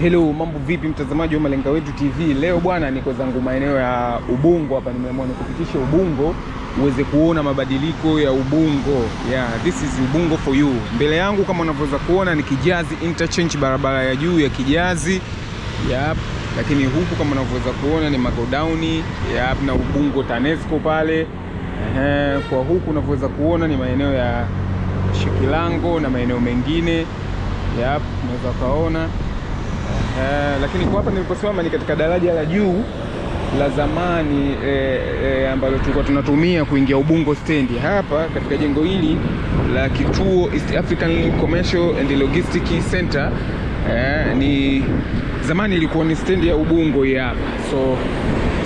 Hello, mambo vipi mtazamaji wa Malenga Wetu TV. Leo bwana, niko zangu maeneo ya Ubungo hapa, nimeamua nikupitishe Ubungo uweze kuona mabadiliko ya Ubungo. Yeah, this is Ubungo for you. Mbele yangu kama unavyoweza kuona ni Kijazi interchange, barabara ya juu ya Kijazi. Yep. Lakini huku kama unavyoweza kuona ni magodauni. Yep, na Ubungo Tanesco pale. Ehe, kwa huku unavyoweza kuona ni maeneo ya Shikilango na maeneo mengine. Yep, unaweza kaona Eh, lakini kwa hapa niliposimama ni katika daraja la juu la zamani eh, eh, ambalo tulikuwa tunatumia kuingia Ubungo stendi. Hapa katika jengo hili la kituo East African Commercial and Logistic Center eh, ni zamani ilikuwa ni stendi ya Ubungo hapa, so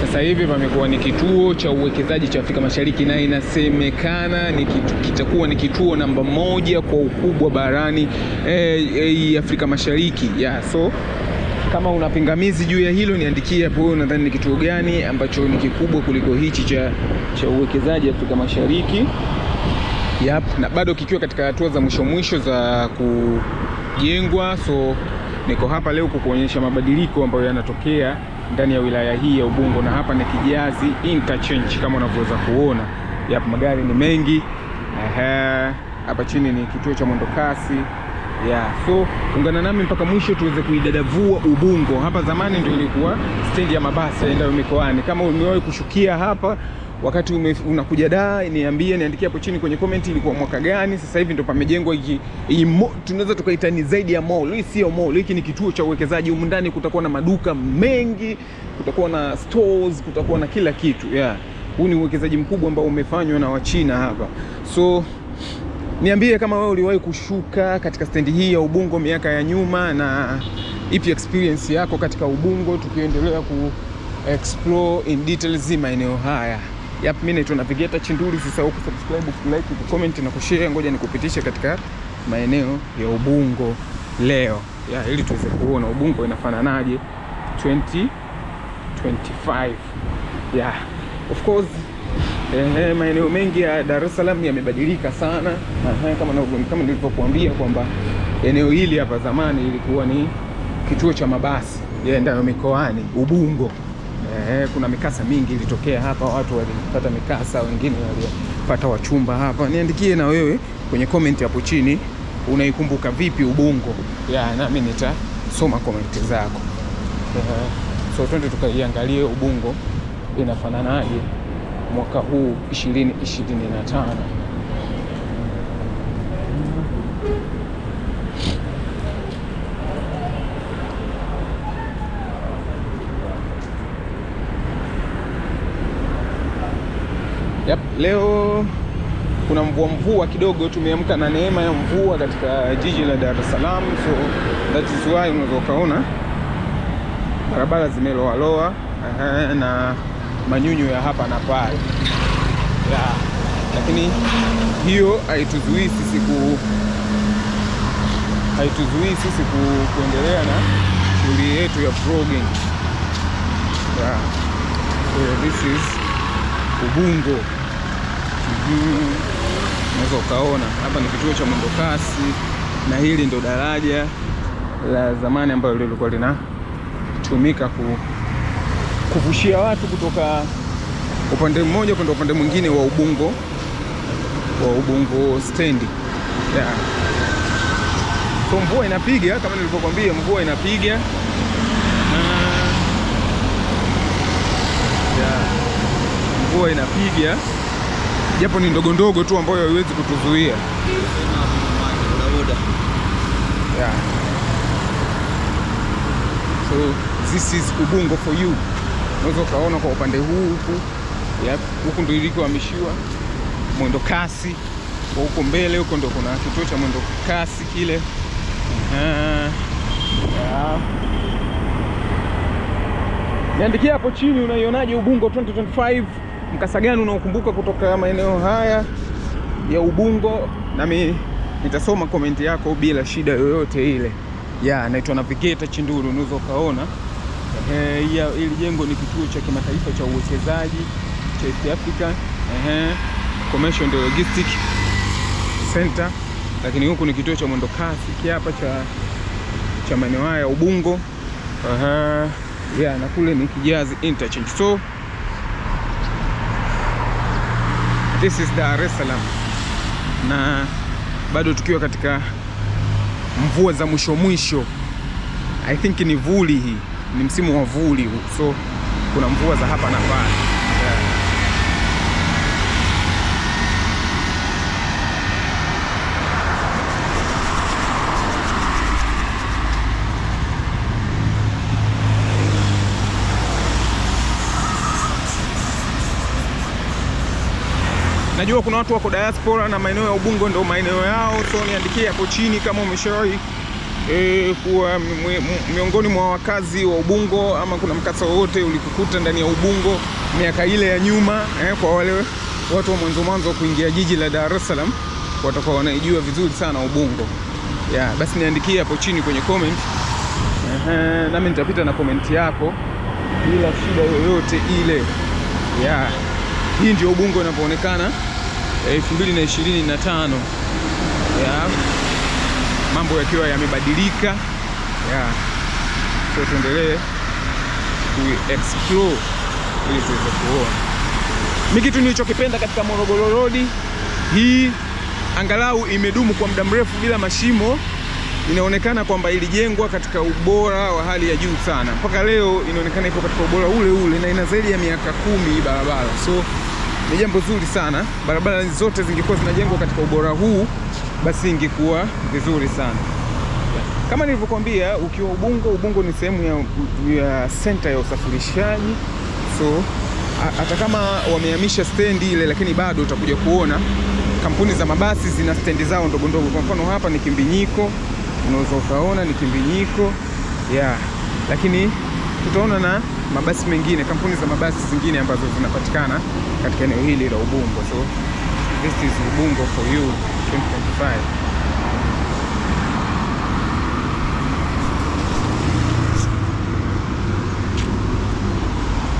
sasa hivi pamekuwa ni kituo cha uwekezaji cha Afrika Mashariki na inasemekana ni kitu, kitakuwa ni kituo namba moja kwa ukubwa barani eh, eh, Afrika Mashariki yeah, so kama una pingamizi juu ya hilo niandikie hapo, wewe unadhani ni kituo gani ambacho ni kikubwa kuliko hichi cha, cha uwekezaji Afrika Mashariki. Yep, na bado kikiwa katika hatua za mwisho mwisho za kujengwa, so niko hapa leo kukuonyesha mabadiliko ambayo yanatokea ndani ya wilaya hii ya Ubungo, na hapa ni Kijazi interchange kama unavyoweza kuona. Yep, magari ni mengi. Aha, hapa chini ni kituo cha mwendokasi yeah. So ungana nami mpaka mwisho tuweze kuidadavua Ubungo. Hapa zamani ndio ilikuwa stendi ya mabasi yaendayo mikoani. Kama umewahi kushukia hapa wakati ume, unakuja da, niambie niandikie hapo chini kwenye comment ilikuwa mwaka gani. Sasa hivi ndio pamejengwa hiki, tunaweza tukaita ni zaidi ya mall. Hii sio mall, hiki ni kituo cha uwekezaji. Humu ndani kutakuwa na maduka mengi, kutakuwa na stores, kutakuwa na kila kitu yeah. Huu ni uwekezaji mkubwa ambao umefanywa na Wachina hapa so Niambie kama wewe uliwahi kushuka katika stendi hii ya Ubungo miaka ya nyuma, na ipi experience yako katika Ubungo, tukiendelea ku explore in details maeneo haya. Yap, mimi naitwa Navigator Chinduli. Usisahau kusubscribe, kulike, kucomment na kushare. Ngoja nikupitishe katika maeneo ya Ubungo leo ya, ili tuweze kuona Ubungo inafananaje 2025 yeah. Of course Ehe, maeneo mengi ya Dar es Salaam yamebadilika sana. Aha, kama kama nilivyokuambia kwamba eneo hili hapa zamani ilikuwa ni kituo cha mabasi yaendayo mikoani Ubungo. Ehe, kuna mikasa mingi ilitokea hapa, watu walipata mikasa, wengine walipata wachumba hapa. Niandikie na wewe kwenye comment hapo chini unaikumbuka vipi Ubungo ya, nami nitasoma komenti zako. so twende tukaiangalie Ubungo inafananaje mwaka huu 2025. Yep, leo kuna mvua mvua kidogo, tumeamka na neema ya mvua katika jiji la Dar es Salaam, so that is why unaweza ukaona barabara zimeloaloa na manyunyu ya hapa na pale yeah. Lakini hiyo haituzuii sisi ku haituzuii sisi ku, kuendelea na shughuli yetu ya vlogging yeah. So this is Ubungo unaweza Ukaona hapa ni kituo cha mwendo kasi, na hili ndo daraja la zamani ambalo lilikuwa linatumika ku kuvushia watu kutoka upande mmoja kwenda upande mwingine wa Ubungo wa Ubungo stendi yeah. So mvua inapiga kama nilivyokuambia, mvua inapiga yeah. mvua inapiga japo ni ndogo ndogo tu ambayo haiwezi kutuzuia yeah. So this is Ubungo for you unaweza ukaona kwa upande huu huku huku ndio ilikohamishiwa mwendo kasi kwa huko mbele huko ndo kuna kituo cha mwendo kasi kile. Niandikia hapo chini, unaionaje Ubungo 2025? Mkasa gani unaokumbuka kutoka maeneo haya ya Ubungo? Nami nitasoma komenti yako bila shida yoyote ile. Ya, naitwa navigeta Chinduru, unaweza ukaona Eh, Hili jengo ni kituo cha kimataifa cha uwekezaji cha East Africa ehe, Commercial and Logistic Center, lakini huku ni kituo cha kasi hapa cha, cha maeneo haya ya Ubungo ehe, yeah, na kule ni Kijazi Interchange. So this is Dar es Salaam, na bado tukiwa katika mvua za mwisho mwisho, I think ni vuli hii ni msimu wa vuli, so kuna mvua za hapa na pale Najua kuna watu wako diaspora na maeneo ya Ubungo ndio maeneo yao, so niandikie hapo chini kama umeshawahi e, kuwa miongoni mwa wakazi wa Ubungo ama kuna mkasa wowote ulikukuta ndani ya Ubungo miaka ile ya nyuma eh, kwa wale watu wa mwanzo mwanzo kuingia jiji la Dar es Salaam watakuwa wanaijua vizuri sana Ubungo ya yeah, basi niandikie hapo chini kwenye comment nami nitapita na komenti yako bila shida yoyote ile yeah. Hii ndio Ubungo inapoonekana 2025 eh, yeah mambo yakiwa yamebadilika yeah. So tuendelee explore ili tuweze kuona. Mimi kitu nilichokipenda katika Morogoro Road hii, angalau imedumu kwa muda mrefu bila mashimo, inaonekana kwamba ilijengwa katika ubora wa hali ya juu sana. Mpaka leo inaonekana ipo katika ubora ule ule, na ina zaidi ya miaka kumi barabara, so ni jambo zuri sana. Barabara zote zingekuwa zinajengwa katika ubora huu basi ingekuwa vizuri sana. Kama nilivyokuambia, ukiwa Ubungo, Ubungo ni sehemu ya, ya senta ya usafirishaji, so hata kama wamehamisha stendi ile, lakini bado utakuja kuona kampuni za mabasi zina stendi zao ndogo ndogo. Kwa mfano hapa ni Kimbinyiko, unaweza ukaona ni Kimbinyiko yeah. Lakini tutaona na mabasi mengine, kampuni za mabasi zingine ambazo zinapatikana katika eneo hili la Ubungo. So this is Ubungo for you. 10.5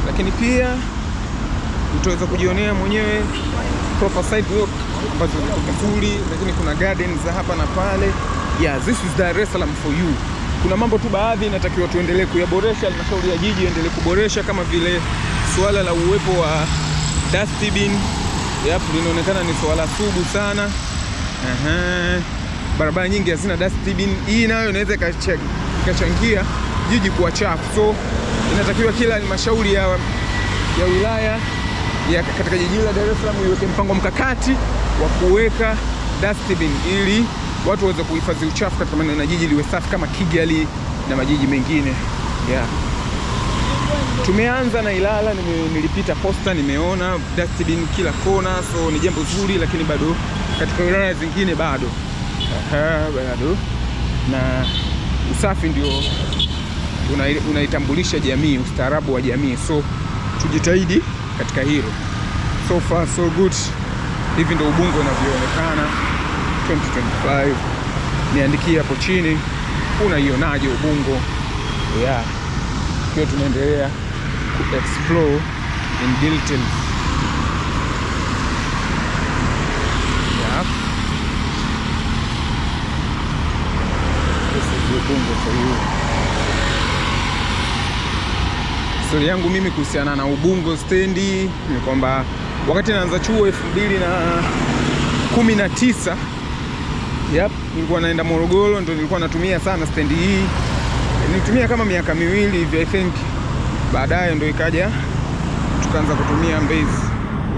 lakini pia utaweza kujionea mwenyewe proper sidewalk ambazo ziko vizuri lakini kuna garden za hapa na pale. Yeah, this is Dar es Salaam for you. Kuna mambo tu baadhi inatakiwa tuendelee kuyaboresha, halmashauri ya jiji endelee kuboresha, kama vile suala la uwepo wa dustbin. Yep, linaonekana ni suala sugu sana. Aha. Barabara nyingi hazina dust bin. Hii nayo inaweza ikachangia jiji kuwa chafu, so inatakiwa kila halmashauri ya, ya wilaya ya katika jiji la Dar es Salaam iweke mpango mkakati wa kuweka dust bin ili watu waweze kuhifadhi uchafu katika maeneo na jiji liwe safi kama Kigali na majiji mengine yeah. Tumeanza na Ilala, nilipita posta, nimeona dust bin kila kona, so ni jambo zuri, lakini bado katika wilaya zingine bado. Aha, bado na usafi ndio unaitambulisha una jamii, ustaarabu wa jamii, so tujitahidi katika hilo. So far so good, hivi ndio Ubungo unavyoonekana 2025. Niandikie hapo chini unaionaje Ubungo yeah. Tukiwa tunaendelea explore in details. kwa hiyo Stori yangu mimi kuhusiana na Ubungo stendi ni kwamba wakati naanza chuo elfu mbili na kumi na tisa yep, nilikuwa naenda Morogoro, ndo nilikuwa natumia sana stendi hii, nilitumia kama miaka miwili hivi I think, baadaye ndo ikaja tukaanza kutumia Mbezi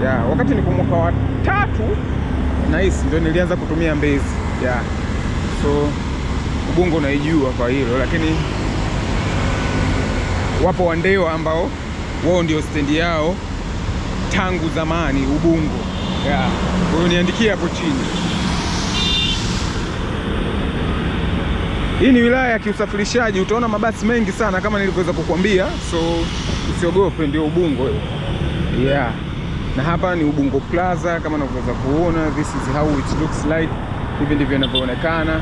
yeah. Wakati niko mwaka wa tatu nahisi ndo nilianza kutumia Mbezi yeah. so Ubungo unaijua kwa hilo, lakini wapo Wandewa ambao wao ndio stendi yao tangu zamani Ubungo. Yeah. Kwa niandikie hapo chini. Hii ni wilaya ya kiusafirishaji, utaona mabasi mengi sana kama nilivyoweza kukwambia, so usiogope, ndio Ubungo. Yeah. Na hapa ni Ubungo Plaza kama unavyoweza kuona, this is how it looks like, hivi ndivyo inavyoonekana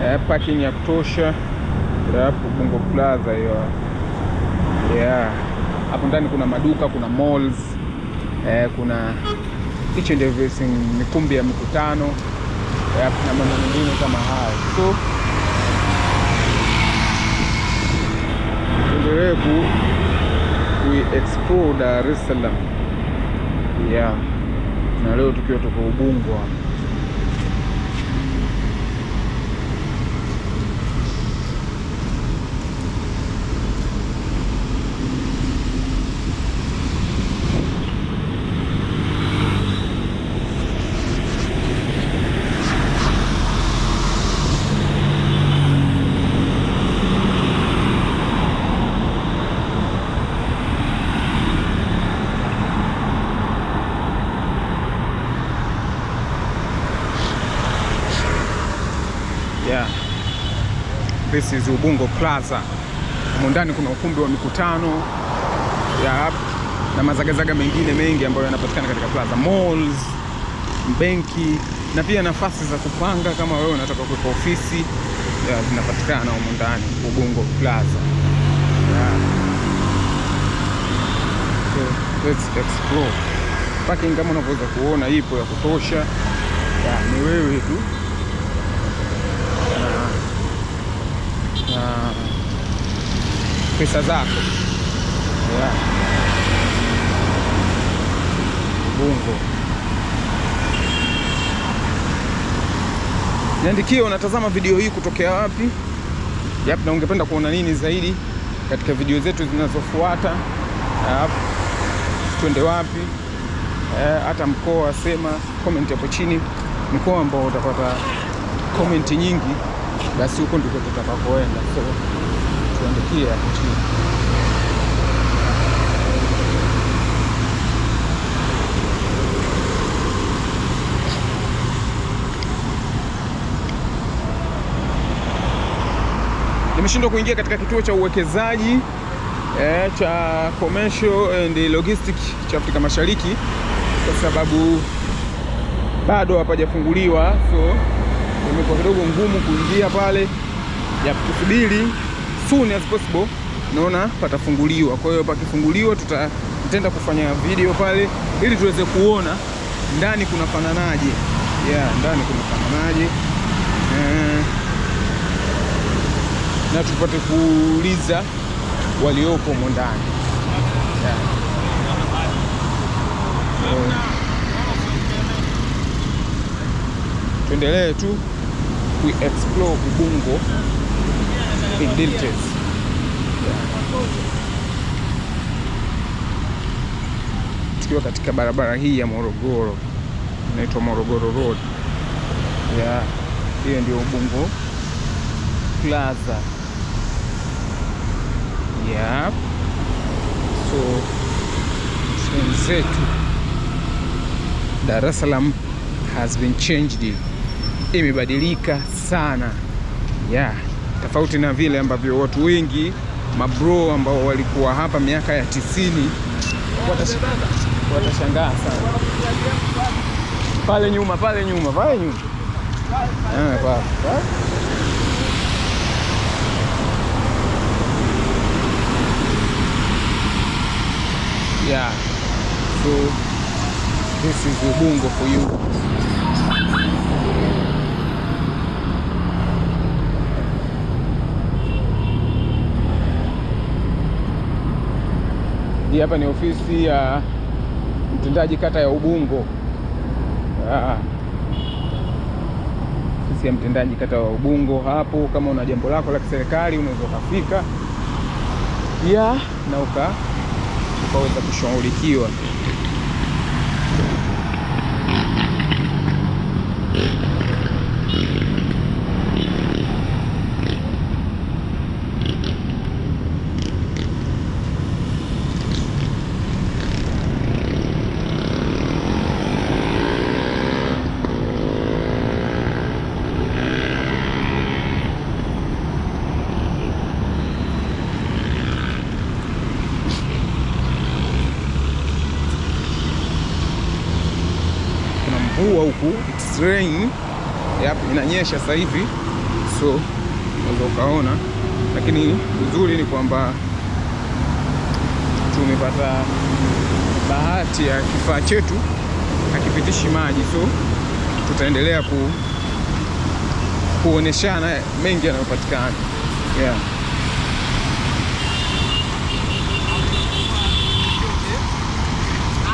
eh, parking ya kutosha hapo bungo Plaza hiyo yeah. Hapo ndani kuna maduka, kuna malls eh, kuna each and everything, mikumbi ya mikutano eh, na mambo mengine kama hayo, so endelee ku explore Dar es Salaam yeah, na leo tukiwa tuko Ubungo this is Ubungo Plaza. Mundani kuna ukumbi wa mikutano ya, na mazagazaga mengine mengi ambayo yanapatikana katika plaza, malls, benki na pia nafasi za kupanga kama wewe unataka kuweka ofisi zinapatikana humu ndani Ubungo Plaza. So, let's explore. Parking kama unavyoweza kuona ipo ya kutosha. ni wewe tu pesa zako yeah. Bungo niandikie, unatazama video hii kutokea wapi? Yap, na ungependa kuona nini zaidi katika video zetu zinazofuata? Twende wapi? Eh, hata mkoa, sema comment hapo chini mkoa ambao utapata comment nyingi basi huko ndiko tutakapoenda, so tuandikie hapo chini. Nimeshindwa kuingia katika kituo cha uwekezaji eh, cha commercial and logistic cha Afrika Mashariki kwa sababu bado hapajafunguliwa so imekuwa kidogo ngumu kuingia pale, ya kusubiri soon as possible naona patafunguliwa. Kwa hiyo pakifunguliwa, tutatenda kufanya video pale ili tuweze kuona ndani kunafananaje, yeah, ndani kunafananaje eh, na tupate kuuliza waliopo ndani. tuendelee tu explore Ubungo in details. Tukiwa katika barabara hii ya Morogoro inaitwa Morogoro Road ya hiyo ndio Ubungo Plaza ya So wenzetu Dar es Salaam has been changed imebadilika sana ya yeah, tofauti na vile ambavyo watu wengi mabro ambao walikuwa hapa miaka ya tisini watashangaa watashangaa sana. Pale nyuma pale nyuma pale nyuma ah, yeah, so this is Ubungo for you. Hii hapa ni ofisi ya mtendaji kata ya Ubungo. Aa, ah, ah. ofisi ya mtendaji kata ya Ubungo hapo. Kama una jambo lako la kiserikali unaweza ukafika pia na ukaweza kushughulikiwa. imenyesha sasa hivi, so unaweza ukaona, lakini uzuri ni kwamba tumepata bahati ya kifaa chetu hakipitishi maji, so tutaendelea ku, kuoneshana mengi yanayopatikana yeah.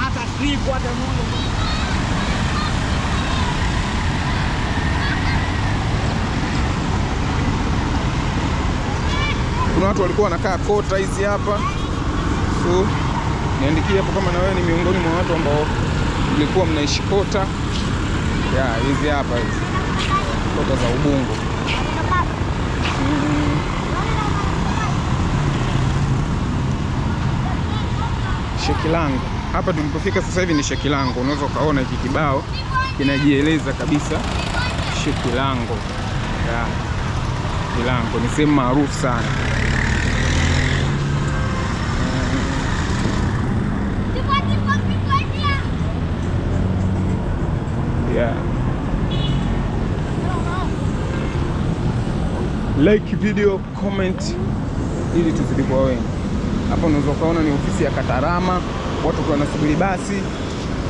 Hata watu walikuwa wanakaa kota hizi hapa. So niandikie hapo kama na wewe ni miongoni mwa watu ambao mlikuwa mnaishi kota ya hizi hapa hizi kota za Ubungo. Hmm. Shekilango hapa tulipofika sasa hivi ni Shekilango. Unaweza ukaona hiki kibao kinajieleza kabisa Shekilango. Yeah. Shekilango ni sehemu maarufu sana. yeah. Like video, comment ili tuzidi kwa wengi. Hapa unaweza ukaona ni ofisi ya Katarama, watu kwa nasubiri basi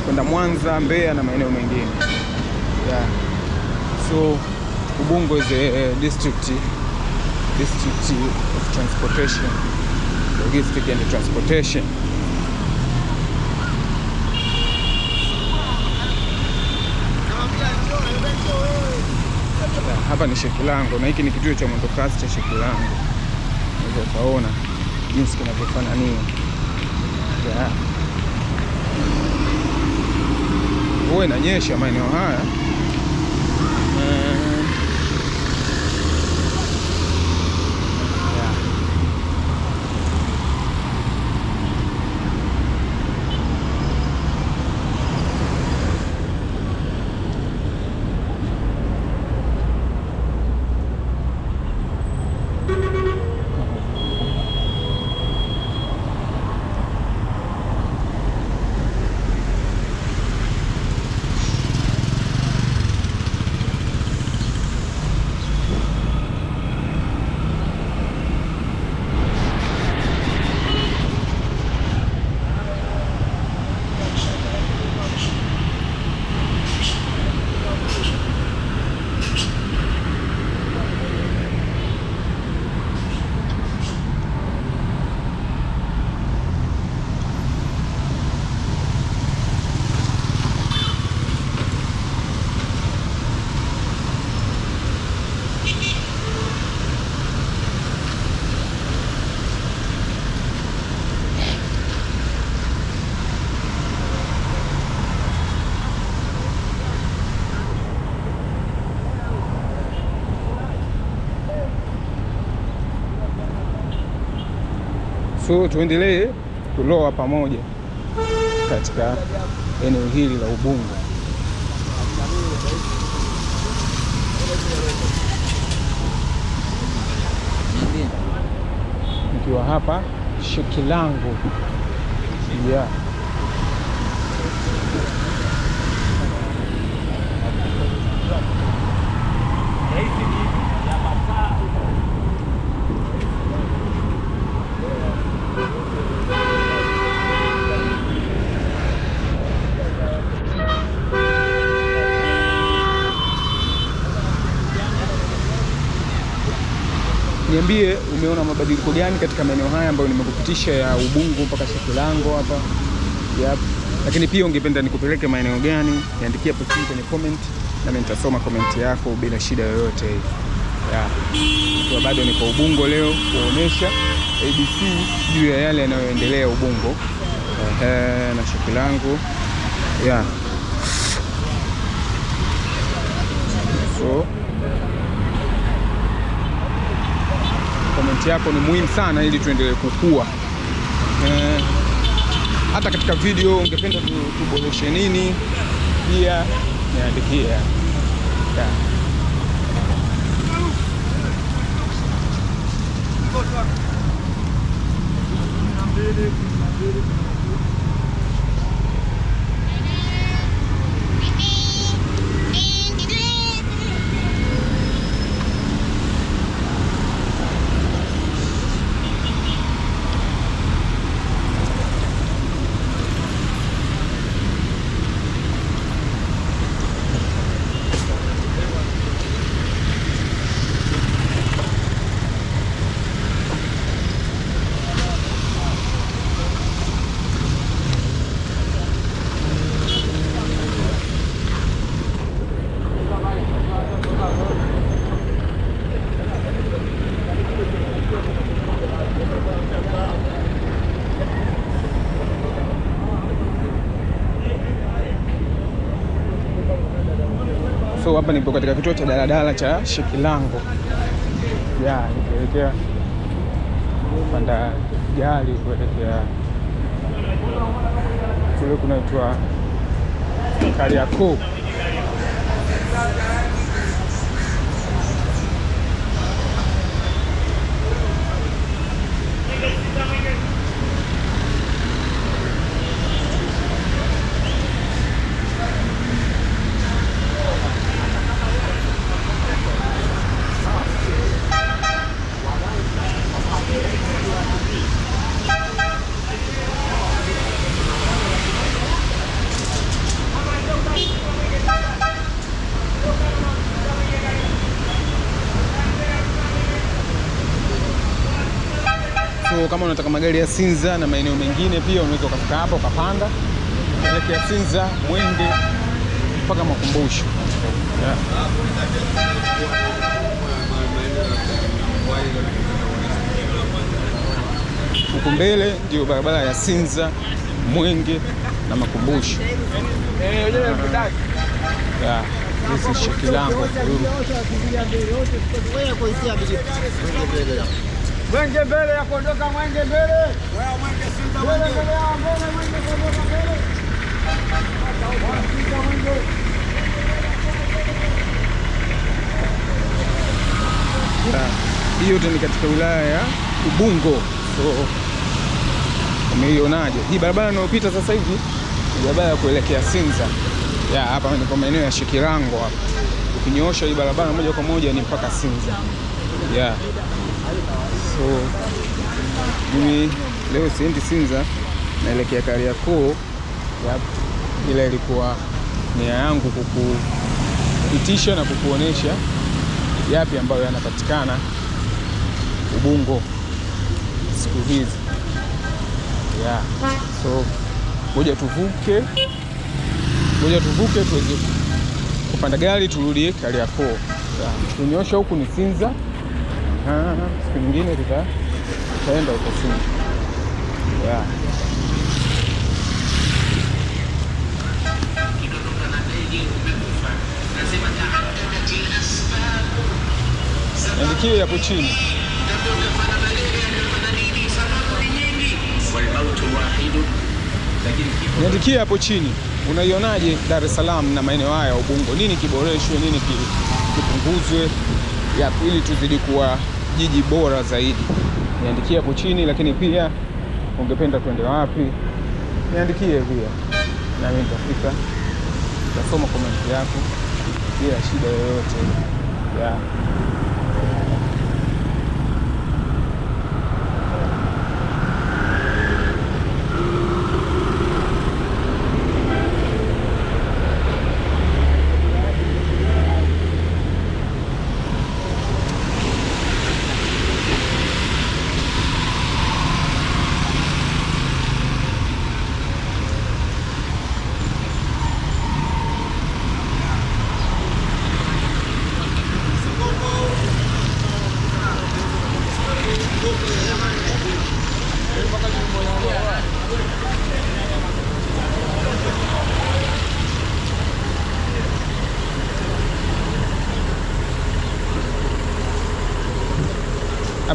kwenda Mwanza, Mbeya na maeneo mengine yeah. So Ubungo is a district district of transportation logistic and transportation hapa ni Shekilango na hiki ni kituo cha mwendokasi cha Shekilango. Unaweza ukaona jinsi kinavyofanania huwa inanyesha maeneo haya. So tuendelee kuloa pamoja katika eneo hili la Ubungo. Nikiwa hapa Shikilango, yeah. tuambie umeona mabadiliko gani katika maeneo haya ambayo nimekupitisha ya Ubungo mpaka shakilango hapa yep. Lakini pia ungependa nikupeleke maeneo gani? Niandikie hapo chini kwenye comment, nami nitasoma comment yako bila shida yoyote hii yeah. Bado niko Ubungo leo kuonesha ABC juu ya yale yanayoendelea Ubungo ehe, na Shekilango yeah. so comment yako ni muhimu sana ili tuendelee kukua. Eh, hata katika video ungependa tuboreshe nini, pia niandikia yeah. nipo katika kituo cha daladala cha Shikilango ya nikielekea panda gari kuelekea kule kunaitwa Kariakoo. kama unataka magari ya Sinza na maeneo mengine, pia unaweza ukafika hapa ukapanda kuelekea Sinza mwende mpaka Makumbusho yeah. mbele ndio barabara ya Sinza Mwenge na Makumbusho yeah. Hizi shikilango Mwenge mbele ya kuondoka, mwenge mbele, Wewe mwenge mwenge. Mwenge mwenge mbele, ah, mbele. Ah, hiyo yote ni katika wilaya ya Ubungo. So umeionaje hii barabara inayopita sasa hivi? Ni Barabara ya kuelekea Sinza ya hapa ni kwa maeneo ya Shikirango hapa, ukinyoosha hii barabara moja kwa moja ni mpaka Sinza yeah so mimi leo siendi Sinza, naelekea Kariakoo. Yep, ila ilikuwa nia yangu kukupitisha na kukuonesha yapi ambayo yanapatikana Ubungo siku hizi yeah. So ngoja tuvuke, ngoja tuvuke tuweze kupanda gari turudi Kariakoo. Yeah. Tunyosha huku ni Sinza siku nyingine tutaenda huko yaani chini. Yeah. Andikio chini niandikie hapo chini, unaionaje Dar es Salaam na maeneo haya ya Ubungo? Nini kiboreshwe, nini kipunguzwe? yep, ili tuzidi kuwa jiji bora zaidi. Niandikie hapo chini, lakini pia ungependa kwenda wapi, niandikie pia, nami nitafika, nitasoma komenti yako bila shida yoyote yeah.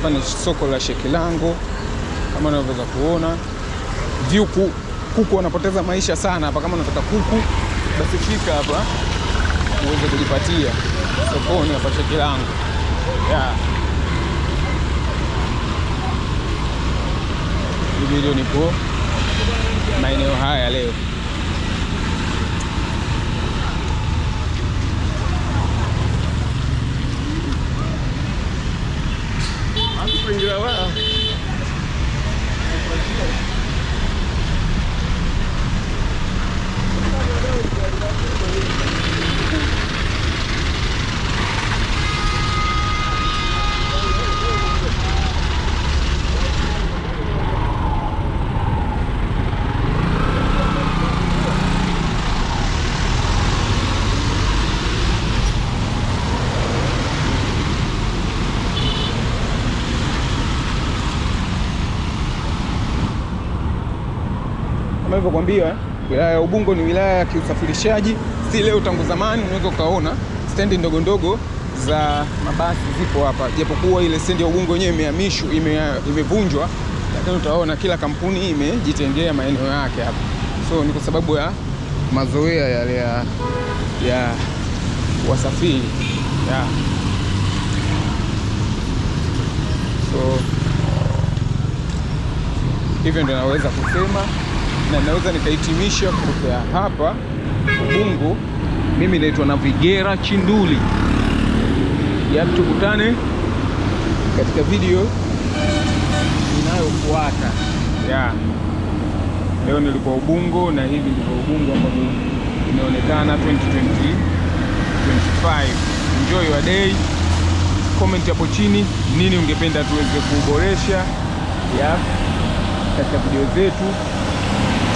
Hapa ni soko la Shekilango kama unavyoweza kuona. Vyuku kuku wanapoteza maisha sana hapa. Kama unataka kuku, basi fika hapa uweze kujipatia sokoni hapa Shekilango yeah. Video nipo maeneo haya leo. Spring out. nilivyokuambia eh. wilaya ya Ubungo ni wilaya ya kiusafirishaji, si leo, tangu zamani unaweza ukaona stendi ndogo ndogo za mabasi zipo hapa, japokuwa ile stendi ya Ubungo yenyewe imehamishwa, imevunjwa, lakini utaona kila kampuni imejitengea maeneo yake hapa. So ni kwa sababu ya mazoea yale ya, ya wasafiri ya. So hivyo ndio naweza kusema na naweza nikahitimisha kutokea hapa Ubungo. Mimi naitwa Navigera Chinduli. Yaani katika video inayofuata ya Leo nilikuwa Ubungo na hivi ndivyo Ubungo ambavyo inaonekana 2020 25. Enjoy your day. Comment hapo chini nini ungependa tuweze kuboresha yeah. katika video zetu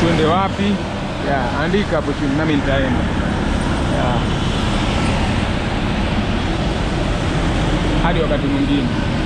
tuende wapi? Yeah, andika hapo chini nami nitaenda. Yeah. Hadi wakati mwingine.